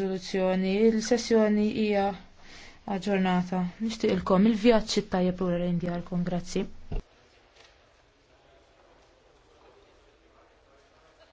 riżoluzzjoni, il-sessjoni hija aġġornata. Nixtieqilkom il-vjaġġ tajjeb lura l-Indjarkom, grazzi.